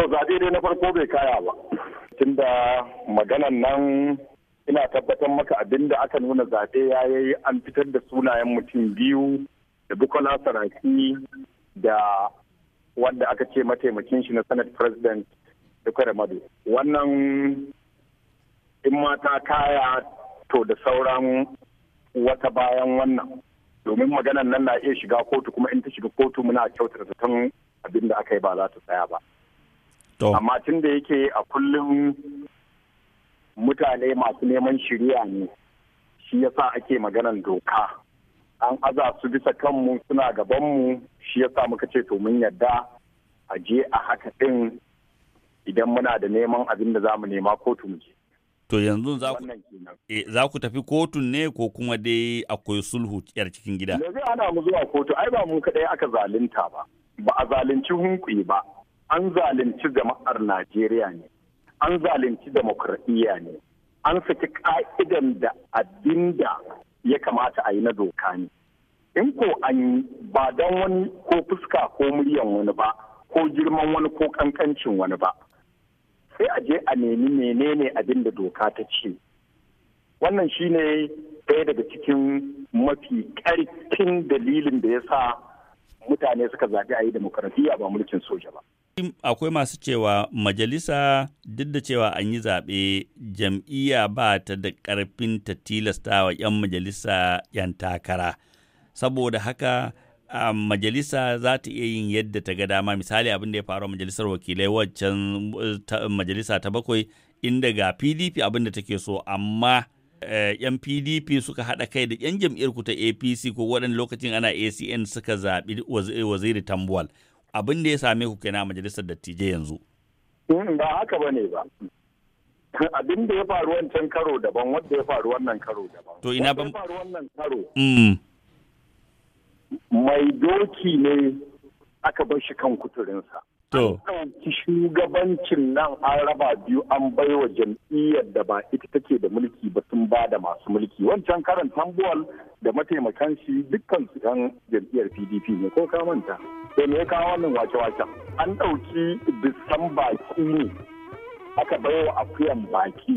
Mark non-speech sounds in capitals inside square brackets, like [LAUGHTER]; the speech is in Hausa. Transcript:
To zaɓe dai na farko bai kaya ba. tun da maganan nan ina tabbatar maka abin da aka nuna zaɓe ya yi an fitar da sunayen mutum biyu da Bukola Saraki da wanda aka ce mataimakin shi na Senate President Duka da Madu. Wannan in mata kaya to da sauran wata bayan wannan. Domin maganan nan na iya shiga kotu kuma in ta shiga kotu muna kyautar tun abin da aka yi ba za ta tsaya ba. amma tun da yake a kullum mutane masu neman shirya ne shi yasa ake maganan doka an aza su bisa kanmu suna gabanmu shi yasa muka ce to mun yadda a je a haka ɗin idan muna da neman abin da za mu nema kotun mu je. To yanzu eh, za ku tafi kotun ne ko kuma dai akwai sulhu yar cikin gida? Da zai ana mu zuwa kotu ai ba mu kaɗai aka zalunta ba, ba a zalunci hunkuyi ba. an zalunci jama'ar Najeriya ne, an zalunci demokradiyya ne, an saki ka'idan da abin da ya kamata a yi na doka ne. In ko an yi ba don wani ko fuska ko muryan wani ba, ko girman wani ko kankancin wani ba. Sai a je a nemi menene abin da doka ta ce. Wannan shine ɗaya daga cikin mafi ƙarfin dalilin da ya sa mutane suka zaɓi a yi demokaradiyya ba mulkin soja ba. akwai masu cewa majalisa duk da cewa an yi zaɓe jam'iyya ba ta da ƙarfin ta tilasta wa 'yan majalisa 'yan takara saboda haka a majalisa za ta iya yin yadda ta ga dama misali abin da ya faru majalisar wakilai waccan majalisa ta bakwai inda ga pdp abin da take so amma yan e, pdp suka haɗa kai da yan jam'iyyar ku ta apc ko waɗanda lokacin ana acn suka zaɓi waziri tambuwal abin da ya same ku kenan majalisar dattijai yanzu mm, ba haka ba ne [LAUGHS] ba abin da ya faru wancan karo daban wanda ya faru wannan karo daban to ina ban faru wannan karo mm. mai doki ne aka bar shi kan kuturinsa To. shugabancin nan an raba biyu an bai wa jam'iyyar da ba ita take da mulki ba sun ba da masu mulki. Wancan karan tambuwal da mataimakan shi dukkan su yan jam'iyyar PDP ne ko ka manta. Sai me ya kawo wannan wace-wace? An ɗauki bisan baki ne aka bai wa akuyan baki.